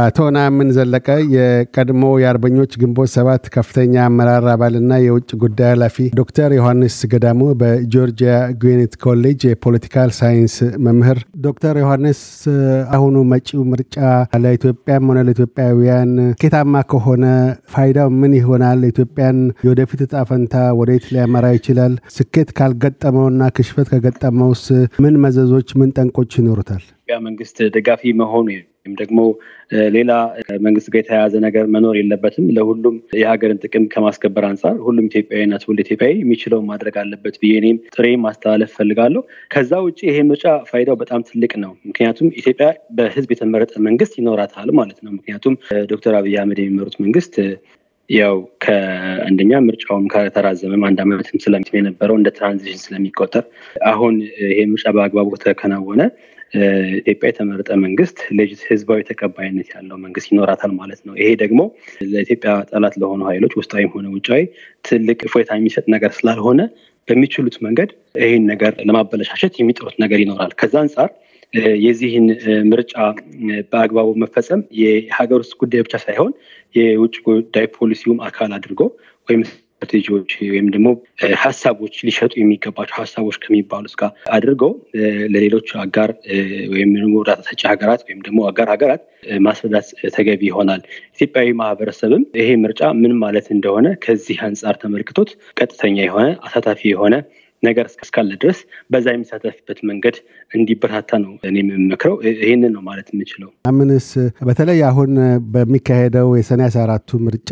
አቶ ናምን ዘለቀ የቀድሞ የአርበኞች ግንቦት ሰባት ከፍተኛ አመራር አባልና የውጭ ጉዳይ ኃላፊ፣ ዶክተር ዮሐንስ ገዳሙ በጆርጂያ ጉዌኔት ኮሌጅ የፖለቲካል ሳይንስ መምህር። ዶክተር ዮሐንስ አሁኑ መጪው ምርጫ ለኢትዮጵያም ሆነ ለኢትዮጵያውያን ኬታማ ከሆነ ፋይዳው ምን ይሆናል? ኢትዮጵያን የወደፊት እጣ ፈንታ ወዴት ሊያመራ ይችላል? ስኬት ካልገጠመውና ክሽፈት ከገጠመውስ ምን መዘዞች፣ ምን ጠንቆች ይኖሩታል? መንግስት ደጋፊ መሆኑ ወይም ደግሞ ሌላ መንግስት ጋር የተያያዘ ነገር መኖር የለበትም። ለሁሉም የሀገርን ጥቅም ከማስከበር አንጻር ሁሉም ኢትዮጵያዊና ትውልደ ኢትዮጵያዊ የሚችለውን ማድረግ አለበት ብዬ እኔም ጥሬ ማስተላለፍ ፈልጋለሁ። ከዛ ውጭ ይሄ ምርጫ ፋይዳው በጣም ትልቅ ነው። ምክንያቱም ኢትዮጵያ በህዝብ የተመረጠ መንግስት ይኖራታል ማለት ነው። ምክንያቱም ዶክተር አብይ አህመድ የሚመሩት መንግስት ያው ከአንደኛ ምርጫውም ከተራዘመም አንድ ዓመትም ስለሚ የነበረው እንደ ትራንዚሽን ስለሚቆጠር አሁን ይሄ ምርጫ በአግባቡ ከተከናወነ ኢትዮጵያ የተመረጠ መንግስት ህዝባዊ ተቀባይነት ያለው መንግስት ይኖራታል ማለት ነው። ይሄ ደግሞ ለኢትዮጵያ ጠላት ለሆኑ ኃይሎች ውስጣዊም ሆነ ውጫዊ ትልቅ እፎይታ የሚሰጥ ነገር ስላልሆነ በሚችሉት መንገድ ይህን ነገር ለማበለሻሸት የሚጥሩት ነገር ይኖራል። ከዛ አንጻር የዚህን ምርጫ በአግባቡ መፈጸም የሀገር ውስጥ ጉዳይ ብቻ ሳይሆን የውጭ ጉዳይ ፖሊሲውም አካል አድርጎ ወይም ስትራቴጂዎች ወይም ደግሞ ሀሳቦች ሊሸጡ የሚገባቸው ሀሳቦች ከሚባሉት ጋር አድርገው ለሌሎች አጋር ወይም ደግሞ እርዳታ ሰጪ ሀገራት ወይም ደግሞ አጋር ሀገራት ማስረዳት ተገቢ ይሆናል። ኢትዮጵያዊ ማህበረሰብም ይሄ ምርጫ ምን ማለት እንደሆነ ከዚህ አንጻር ተመልክቶት ቀጥተኛ የሆነ አሳታፊ የሆነ ነገር እስካለ ድረስ በዛ የሚሳተፍበት መንገድ እንዲበረታታ ነው እኔ የምመክረው። ይህንን ነው ማለት የምችለው። አምንስ በተለይ አሁን በሚካሄደው የሰኔ አስራ አራቱ ምርጫ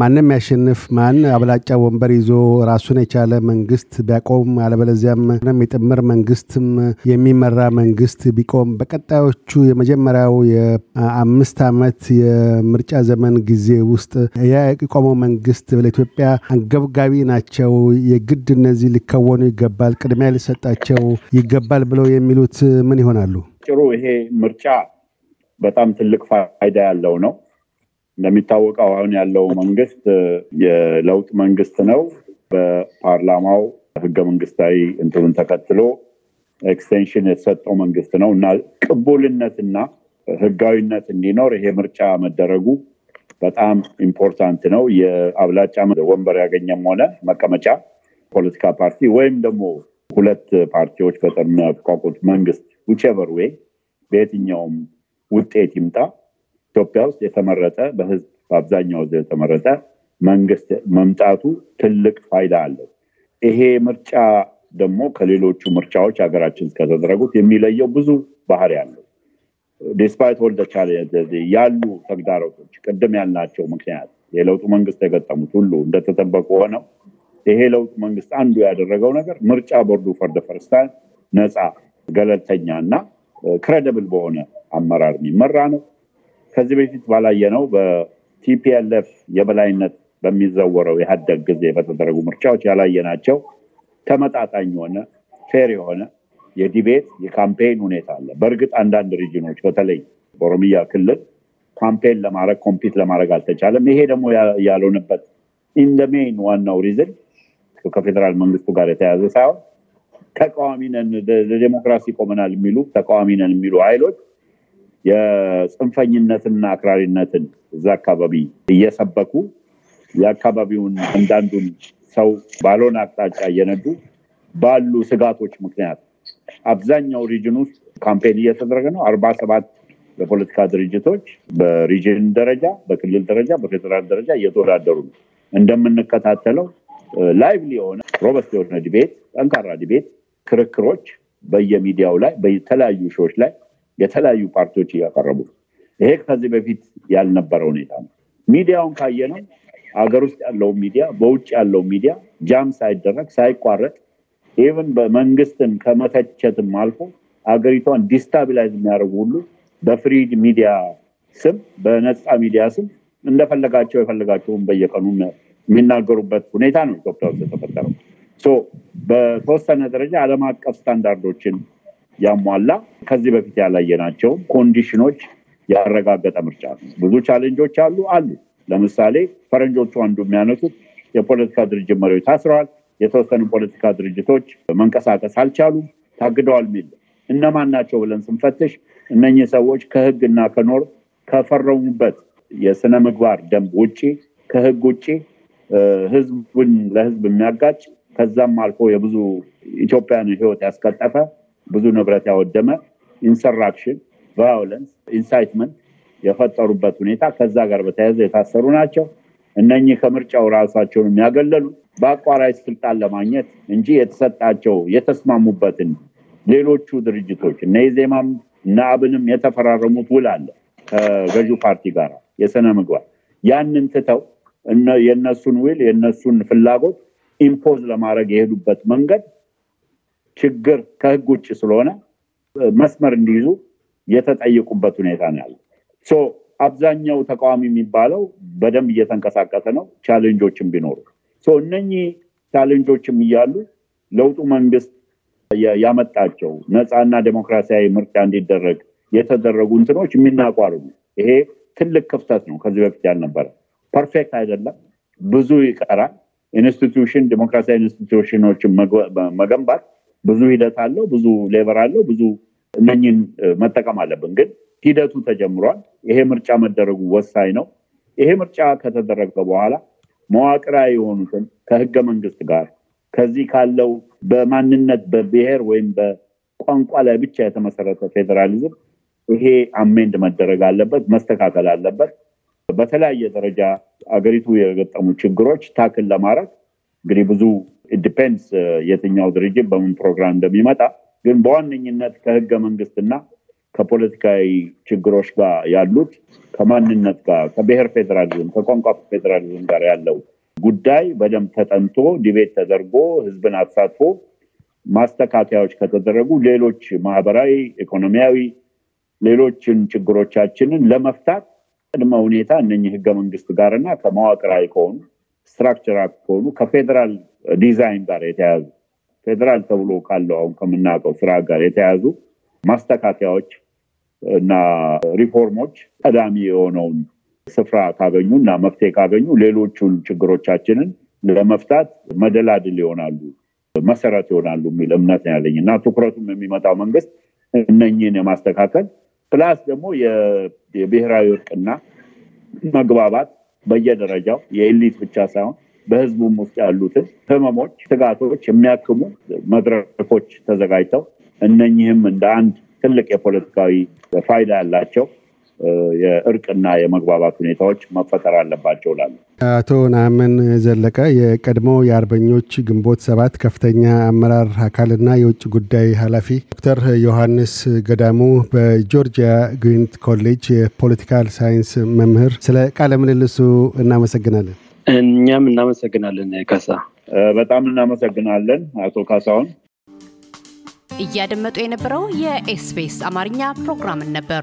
ማንም ያሸንፍ ማን አብላጫ ወንበር ይዞ ራሱን የቻለ መንግስት ቢያቆም አለበለዚያም የጥምር መንግስትም የሚመራ መንግስት ቢቆም በቀጣዮቹ የመጀመሪያው የአምስት ዓመት የምርጫ ዘመን ጊዜ ውስጥ የቆመው መንግስት ለኢትዮጵያ አንገብጋቢ ናቸው የግድ እነዚህ ሊከወኑ ይገባል፣ ቅድሚያ ሊሰጣቸው ይገባል ብለው የሚሉት ምን ይሆናሉ? ጭሩ ይሄ ምርጫ በጣም ትልቅ ፋይዳ ያለው ነው። እንደሚታወቀው አሁን ያለው መንግስት የለውጥ መንግስት ነው። በፓርላማው ህገ መንግስታዊ እንትኑን ተከትሎ ኤክስቴንሽን የተሰጠው መንግስት ነው እና ቅቡልነትና ህጋዊነት እንዲኖር ይሄ ምርጫ መደረጉ በጣም ኢምፖርታንት ነው። የአብላጫ ወንበር ያገኘም ሆነ መቀመጫ ፖለቲካ ፓርቲ ወይም ደግሞ ሁለት ፓርቲዎች በተቋቁት መንግስት ውቼቨር ዌይ በየትኛውም ውጤት ይምጣ ኢትዮጵያ ውስጥ የተመረጠ በህዝብ በአብዛኛው ዘ የተመረጠ መንግስት መምጣቱ ትልቅ ፋይዳ አለው። ይሄ ምርጫ ደግሞ ከሌሎቹ ምርጫዎች ሀገራችን እስከተደረጉት የሚለየው ብዙ ባህር ያለው ዲስፓይት ወልደቻለ ያሉ ተግዳሮቶች ቅድም ያልናቸው ምክንያት የለውጡ መንግስት የገጠሙት ሁሉ እንደተጠበቁ ሆነው ይሄ ለውጥ መንግስት አንዱ ያደረገው ነገር ምርጫ ቦርዱ ፈርደ ፈርስታን ነፃ ገለልተኛ እና ክሬደብል በሆነ አመራር የሚመራ ነው። ከዚህ በፊት ባላየነው በቲፒልፍ የበላይነት በሚዘወረው የሀደግ ጊዜ በተደረጉ ምርጫዎች ያላየናቸው ተመጣጣኝ የሆነ ፌር የሆነ የዲቤት የካምፔን ሁኔታ አለ። በእርግጥ አንዳንድ ሪጅኖች በተለይ በኦሮሚያ ክልል ካምፔን ለማድረግ ኮምፒት ለማድረግ አልተቻለም። ይሄ ደግሞ ያልሆነበት ኢንደሜን ዋናው ሪዝን ከፌዴራል መንግስቱ ጋር የተያዘ ሳይሆን ተቃዋሚ ነን ለዴሞክራሲ ቆመናል የሚሉ ተቃዋሚ ነን የሚሉ ኃይሎች የፅንፈኝነትና አክራሪነትን እዛ አካባቢ እየሰበኩ የአካባቢውን አንዳንዱን ሰው ባልሆነ አቅጣጫ እየነዱ ባሉ ስጋቶች ምክንያት አብዛኛው ሪጅን ውስጥ ካምፔን እየተደረገ ነው። አርባ ሰባት የፖለቲካ ድርጅቶች በሪጅን ደረጃ፣ በክልል ደረጃ፣ በፌዴራል ደረጃ እየተወዳደሩ ነው። እንደምንከታተለው ላይቭሊ የሆነ ሮበስት የሆነ ዲቤት፣ ጠንካራ ዲቤት፣ ክርክሮች በየሚዲያው ላይ በተለያዩ ሾዎች ላይ የተለያዩ ፓርቲዎች እያቀረቡ ይሄ ከዚህ በፊት ያልነበረ ሁኔታ ነው። ሚዲያውን ካየነው አገር ውስጥ ያለው ሚዲያ በውጭ ያለው ሚዲያ ጃም ሳይደረግ ሳይቋረጥ ኢቨን በመንግስትን ከመተቸትም አልፎ አገሪቷን ዲስታቢላይዝ የሚያደርጉ ሁሉ በፍሪ ሚዲያ ስም በነፃ ሚዲያ ስም እንደፈለጋቸው የፈለጋቸውን በየቀኑ የሚናገሩበት ሁኔታ ነው ኢትዮጵያ ውስጥ የተፈጠረው። በተወሰነ ደረጃ ዓለም አቀፍ ስታንዳርዶችን ያሟላ ከዚህ በፊት ያላየናቸው ኮንዲሽኖች ያረጋገጠ ምርጫ ነው። ብዙ ቻሌንጆች አሉ አሉ። ለምሳሌ ፈረንጆቹ አንዱ የሚያነሱት የፖለቲካ ድርጅት መሪዎች ታስረዋል፣ የተወሰኑ ፖለቲካ ድርጅቶች መንቀሳቀስ አልቻሉም፣ ታግደዋል ሚል። እነማን ናቸው ብለን ስንፈትሽ እነኚህ ሰዎች ከህግና ከኖር ከፈረሙበት የስነ ምግባር ደንብ ውጭ ከህግ ውጭ ህዝቡን ለህዝብ የሚያጋጭ ከዛም አልፎ የብዙ ኢትዮጵያን ህይወት ያስቀጠፈ ብዙ ንብረት ያወደመ ኢንሰራክሽን፣ ቫዮለንስ፣ ኢንሳይትመንት የፈጠሩበት ሁኔታ ከዛ ጋር በተያያዘ የታሰሩ ናቸው። እነኚህ ከምርጫው ራሳቸውን የሚያገለሉት በአቋራጭ ስልጣን ለማግኘት እንጂ የተሰጣቸው የተስማሙበትን ሌሎቹ ድርጅቶች እነ ዜማም እነ አብንም የተፈራረሙት ውል አለ ከገዢው ፓርቲ ጋር የስነ ምግባር ያንን ትተው የእነሱን ዊል የእነሱን ፍላጎት ኢምፖዝ ለማድረግ የሄዱበት መንገድ ችግር ከህግ ውጭ ስለሆነ መስመር እንዲይዙ የተጠየቁበት ሁኔታ ነው ያለ አብዛኛው ተቃዋሚ የሚባለው በደንብ እየተንቀሳቀሰ ነው ቻሌንጆችም ቢኖሩ እነኚህ ቻሌንጆችም እያሉ ለውጡ መንግስት ያመጣቸው ነፃና ዴሞክራሲያዊ ምርጫ እንዲደረግ የተደረጉ እንትኖች የሚናቋሩ ይሄ ትልቅ ክፍተት ነው ከዚህ በፊት ያልነበረ ፐርፌክት አይደለም፣ ብዙ ይቀራል። ኢንስቲቱሽን ዲሞክራሲያዊ ኢንስቲትዩሽኖችን መገንባት ብዙ ሂደት አለው፣ ብዙ ሌበር አለው፣ ብዙ እነኝን መጠቀም አለብን። ግን ሂደቱ ተጀምሯል። ይሄ ምርጫ መደረጉ ወሳኝ ነው። ይሄ ምርጫ ከተደረገ በኋላ መዋቅራ የሆኑትን ከህገ መንግስት ጋር ከዚህ ካለው በማንነት በብሔር ወይም በቋንቋ ላይ ብቻ የተመሰረተ ፌዴራሊዝም ይሄ አሜንድ መደረግ አለበት፣ መስተካከል አለበት። በተለያየ ደረጃ አገሪቱ የገጠሙ ችግሮች ታክል ለማድረግ እንግዲህ ብዙ ዲፔንድስ uh, የትኛው ድርጅት በምን ፕሮግራም እንደሚመጣ ግን በዋነኝነት ከህገ መንግስትና ከፖለቲካዊ ችግሮች ጋር ያሉት ከማንነት ጋር ከብሔር ፌዴራሊዝም ከቋንቋ ፌዴራሊዝም ጋር ያለው ጉዳይ በደንብ ተጠንቶ ዲቤት ተደርጎ ህዝብን አሳትፎ ማስተካከያዎች ከተደረጉ ሌሎች ማህበራዊ፣ ኢኮኖሚያዊ ሌሎችን ችግሮቻችንን ለመፍታት ቅድመ ሁኔታ እነኚህ ህገ መንግስት ጋርና ከመዋቅራዊ ከሆኑ ስትራክቸራ ከሆኑ ከፌዴራል ዲዛይን ጋር የተያዙ ፌዴራል ተብሎ ካለው አሁን ከምናውቀው ስራ ጋር የተያዙ ማስተካከያዎች እና ሪፎርሞች ቀዳሚ የሆነውን ስፍራ ካገኙ እና መፍትሄ ካገኙ ሌሎቹን ችግሮቻችንን ለመፍታት መደላድል ይሆናሉ፣ መሰረት ይሆናሉ የሚል እምነት ያለኝ እና ትኩረቱም የሚመጣው መንግስት እነኝን የማስተካከል ፕላስ ደግሞ የብሔራዊ እርቅና መግባባት በየደረጃው የኤሊት ብቻ ሳይሆን በህዝቡም ውስጥ ያሉትን ህመሞች፣ ትጋቶች የሚያክሙ መድረኮች ተዘጋጅተው እነኚህም እንደ አንድ ትልቅ የፖለቲካዊ ፋይዳ ያላቸው የእርቅና የመግባባት ሁኔታዎች መፈጠር አለባቸው ላሉ አቶ ናምን ዘለቀ የቀድሞ የአርበኞች ግንቦት ሰባት ከፍተኛ አመራር አካልና የውጭ ጉዳይ ኃላፊ፣ ዶክተር ዮሐንስ ገዳሙ በጆርጂያ ግሪንት ኮሌጅ የፖለቲካል ሳይንስ መምህር፣ ስለ ቃለ ምልልሱ እናመሰግናለን። እኛም እናመሰግናለን ካሳ። በጣም እናመሰግናለን አቶ ካሳውን እያደመጡ የነበረው የኤስፔስ አማርኛ ፕሮግራምን ነበር።